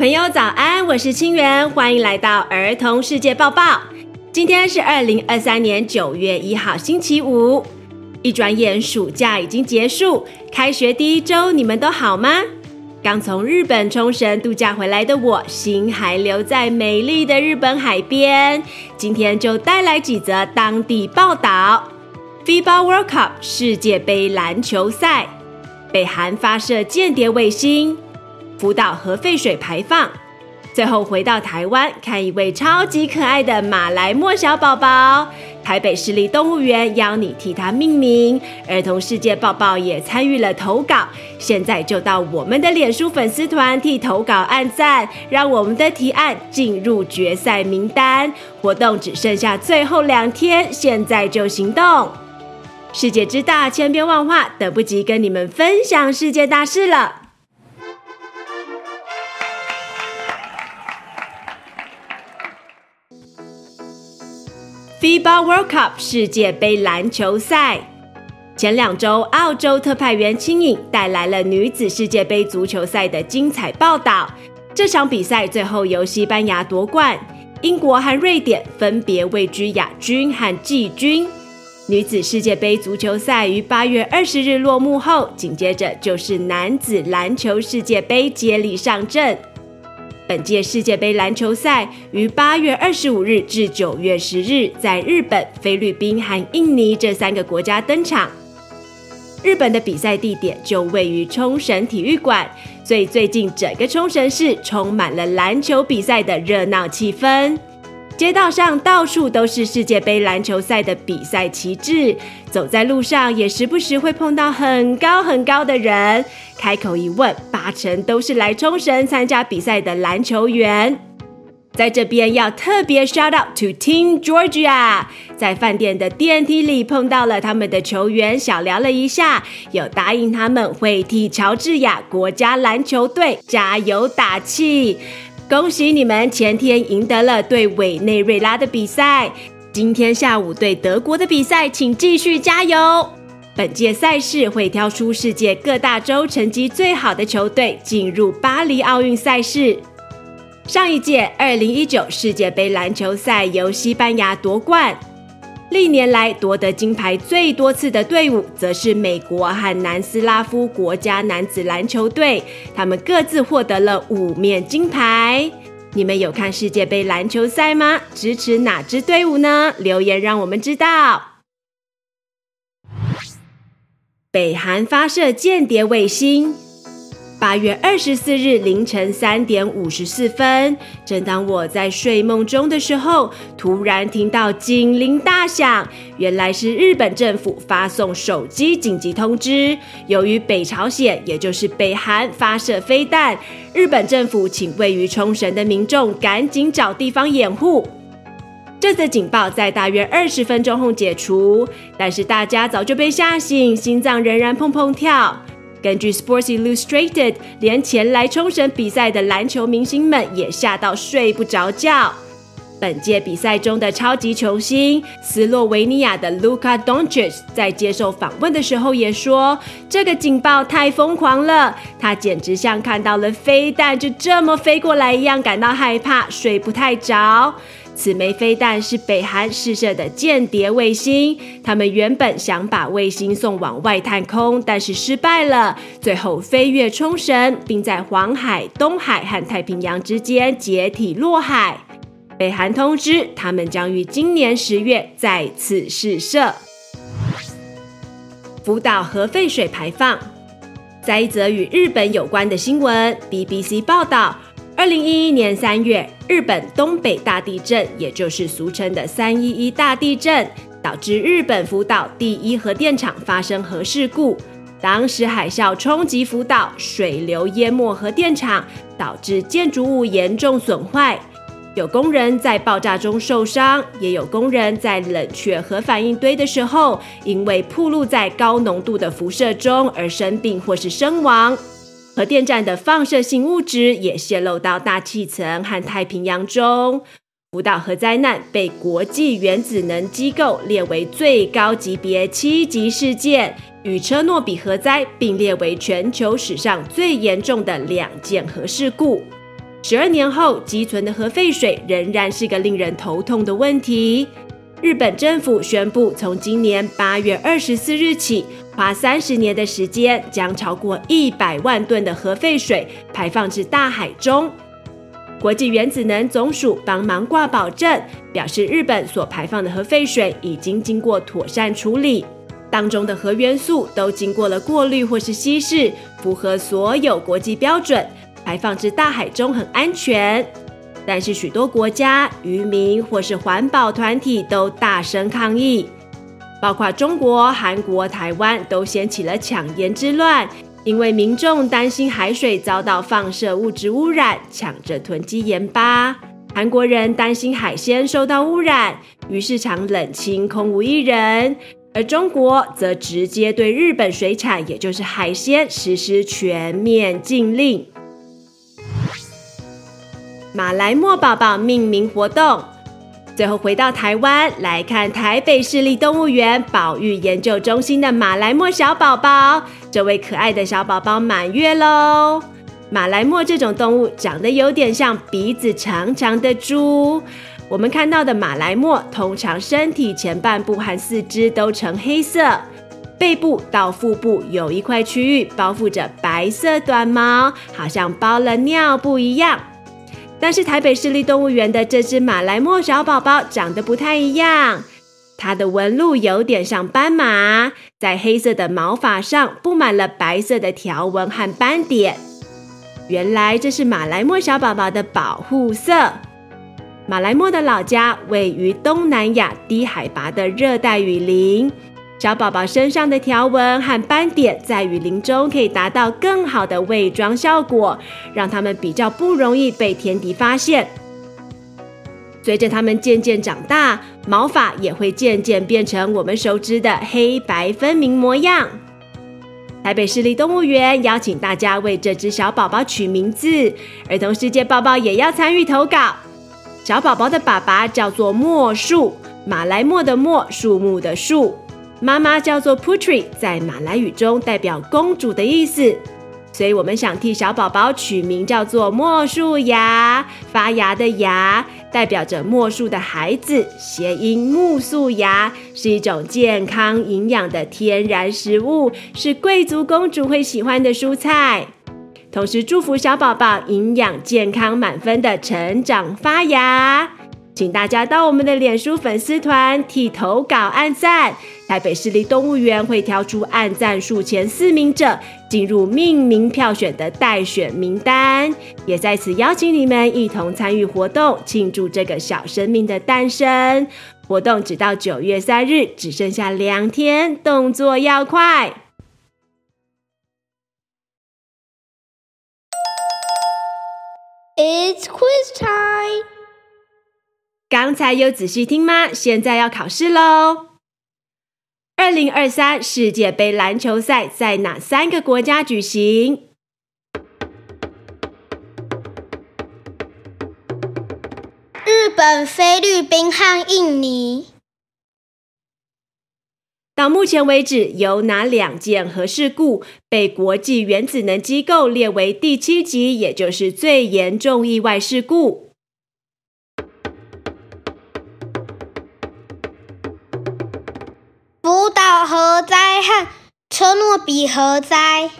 朋友早安，我是清源，歡迎來到兒童世界報報。今天是二零二三年九月一號星期五，一轉眼暑假已經結束，開學第一周你們都好嗎？剛從日本沖繩度假回來的我，心還留在美麗的日本海邊。今天就帶來幾則當地報道：FIBA World Cup 世界盃籃球賽，北韓發射間諜衛星。福島核廢水排放，最後回到台灣看一位超級可愛的馬來貘小寶寶。台北市立動物園邀你替他命名，兒童世界報報也參與了投稿。現在就到我們的臉書粉絲團替投稿按讚，讓我們的提案進入決賽名單。活動只剩下最後兩天，現在就行動！世界之大，千變萬化，等不及跟你們分享世界大事了。FIBA World Cup 世界盃籃球賽，前兩周，澳洲特派員清影帶來了女子世界盃足球賽的精彩報道。這場比賽最後由西班牙奪冠，英國和瑞典分別位居亞軍和季軍。女子世界盃足球賽於八月二十日落幕後，緊接着就是男子籃球世界盃接力上陣。本屆世界盃籃球賽於八月二十五日至九月十日在日本、菲律賓和印尼這三個國家登場。日本的比賽地點就位於沖繩體育館，所以最近整個沖繩市充滿了籃球比賽的熱鬧氣氛。街道上到處都是世界盃籃球賽的比賽旗幟，走在路上也時不時會碰到很高很高的人。開口一問，八成都是來沖繩參加比賽的籃球員。在這邊要特別 shout out to Team Georgia，在飯店的電梯裡碰到了他們的球員，小聊了一下，有答應他們會替喬治亞國家籃球隊加油打氣。恭喜你們前天贏得了對委內瑞拉的比賽，今天下午對德國的比賽，請繼續加油！本屆賽事會挑出世界各大洲成績最好的球隊進入巴黎奧運賽事。上一屆2019世界盃籃球賽由西班牙奪冠。歷年來奪得金牌最多次的隊伍，則是美國和南斯拉夫國家男子籃球隊，他們各自獲得了五面金牌。你們有看世界盃籃球賽嗎？支持哪支隊伍呢？留言讓我們知道。北韓發射間諜衛星。八月二十四日凌晨三點五十四分，正當我在睡夢中的時候，突然聽到警鈴大響。原來是日本政府發送手機緊急通知，由於北朝鮮，也就是北韓發射飛彈，日本政府請位於沖繩的民眾趕緊找地方掩護。這次警報在大約二十分鐘後解除，但是大家早就被嚇醒，心臟仍然砰砰跳。根據《Sports Illustrated》，連前來沖繩比賽的籃球明星們也嚇到睡不着覺。本屆比賽中的超級球星斯洛維尼亞的 Luka Doncic 在接受訪問的時候也說：“這個警報太瘋狂了，他簡直像看到了飛彈就這麼飛過來一樣，感到害怕，睡不太着。”此枚飛彈是北韓試射的間諜衛星，他們原本想把衛星送往外太空，但是失敗了，最後飛越沖繩，并在黃海、東海和太平洋之間解體落海。北韓通知他們將於今年十月再次試射。福島核廢水排放，在一則與日本有關的新聞，BBC 報道。二零一一年三月，日本東北大地震，也就是俗稱的“三一一大地震”，導致日本福島第一核電廠發生核事故。當時海嘯衝擊福島，水流淹沒核電廠，導致建築物嚴重損壞。有工人在爆炸中受傷，也有工人在冷卻核反應堆的時候，因為暴露在高濃度的輻射中而生病或是身亡。核電站的放射性物質也泄漏到大氣層和太平洋中，福島核災難被國際原子能機構列為最高級別七級事件，與車諾比核災並列為全球史上最嚴重的兩件核事故。十二年後，積存的核廢水仍然是個令人頭痛的問題。日本政府宣布，從今年八月二十四日起。花三十年的時間，將超過一百萬噸的核廢水排放至大海中。國際原子能總署幫忙掛保證，表示日本所排放的核廢水已經經過妥善處理，當中的核元素都經過了過濾或是稀釋，符合所有國際標準，排放至大海中很安全。但是許多國家、漁民或是環保團體都大聲抗議。包括中國、韓國、臺灣都掀起了搶鹽之亂，因為民眾擔心海水遭到放射物質污染，搶着囤積鹽巴。韓國人擔心海鮮受到污染，魚市場冷清，空無一人。而中國則直接對日本水產，也就是海鮮，實施全面禁令。馬來貘寶寶命名活動。最後回到台灣，來看台北市立動物園保育研究中心的馬來貘小寶寶，這位可愛的小寶寶滿月嘍。馬來貘這種動物長得有點像鼻子長長的豬，我們看到的馬來貘通常身體前半部和四肢都呈黑色，背部到腹部有一塊區域包覆着白色短毛，好像包了尿布一樣。但是台北市立動物園的這隻馬來貘小寶寶長得不太一樣，它的紋路有點像斑馬，在黑色的毛髮上布滿了白色的條紋和斑點。原來這是馬來貘小寶寶的保護色。馬來貘的老家位於東南亞低海拔的熱帶雨林。小寶寶身上的條紋和斑點，在雨林中可以達到更好的偽裝效果，讓他們比較不容易被天敵發現。隨着他們漸漸長大，毛髮也會漸漸變成我們熟知的黑白分明模樣。台北市立動物園邀請大家為這隻小寶寶取名字，兒童世界報報也要參與投稿。小寶寶的爸爸叫做貘樹，馬來貘的貘，樹木的樹。媽媽叫做 Putri，在馬來語中代表公主的意思，所以我們想替小寶寶取名叫做貘樹芽，發芽的芽代表着貘樹的孩子，諧音木樹芽是一種健康營養的天然食物，是貴族公主會喜歡的蔬菜，同時祝福小寶寶營養健康滿分的成長發芽。請大家到我們的臉書粉絲團替投稿、按讚。台北市立動物園會挑出按讚數前四名者，進入命名票選的待選名單。也在此邀請你們一同參與活動，慶祝這個小生命的誕生。活動只到九月三日，只剩下兩天，動作要快。It's quiz time. 剛才有仔細聽嗎？現在要考試嘍。二零二三世界盃籃球賽在哪三個國家舉行？日本、菲律賓和印尼。到目前為止，有哪兩件核事故被國際原子能機構列為第七級，也就是最嚴重意外事故？核災難、車諾比核災。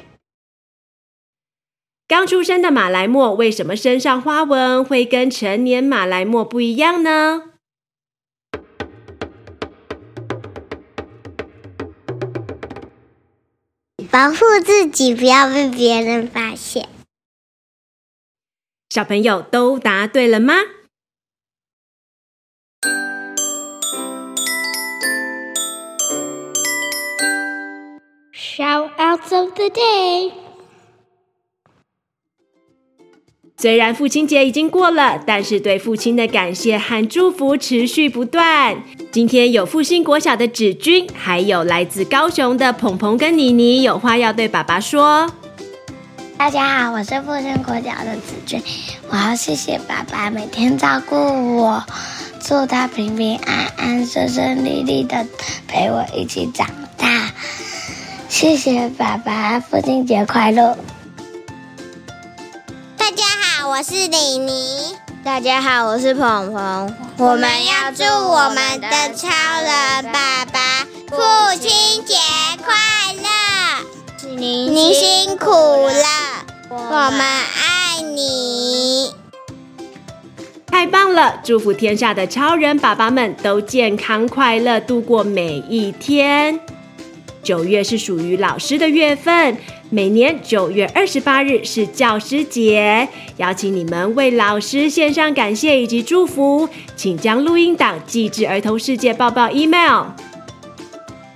剛出生的馬來貘為什麼身上花紋會跟成年馬來貘不一樣呢？保護自己，不要被別人發現。發現小朋友都答對了嗎？雖然父親節已經過了，但是對父親的感謝和祝福持續不斷。今天有復興國小的子君，還有來自高雄的鵬鵬跟妮妮，有話要對爸爸說。大家好，我是復興國小的子君，我要謝謝爸爸每天照顧我，祝他平平安安、順順利利地陪我一起長大。謝謝爸爸，父親節快樂！大家好，我是李妮。大家好，我是彭彭。我們要祝我們的超人爸爸父親節快樂！您您辛苦了，我們愛你。太棒了！祝福天下的超人爸爸們都健康快樂，度過每一天。九月是屬於老師的月份，每年九月二十八日是教師節，邀請你們為老師獻上感謝以及祝福，請將錄音檔寄至兒童世界報報 email。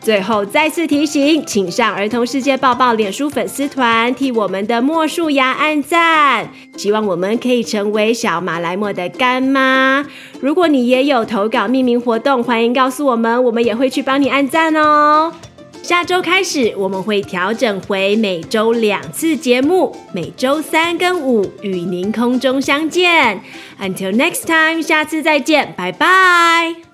最後再次提醒，請上兒童世界報報臉書粉絲團替我們的貘樹芽按讚，希望我們可以成為小馬來貘的乾媽。如果你也有投稿命名活動，歡迎告訴我們，我們也會去幫你按讚哦。下週開始，我們會調整回每周兩次節目，每周三跟五與您空中相見。Until next time，下次再見，拜拜。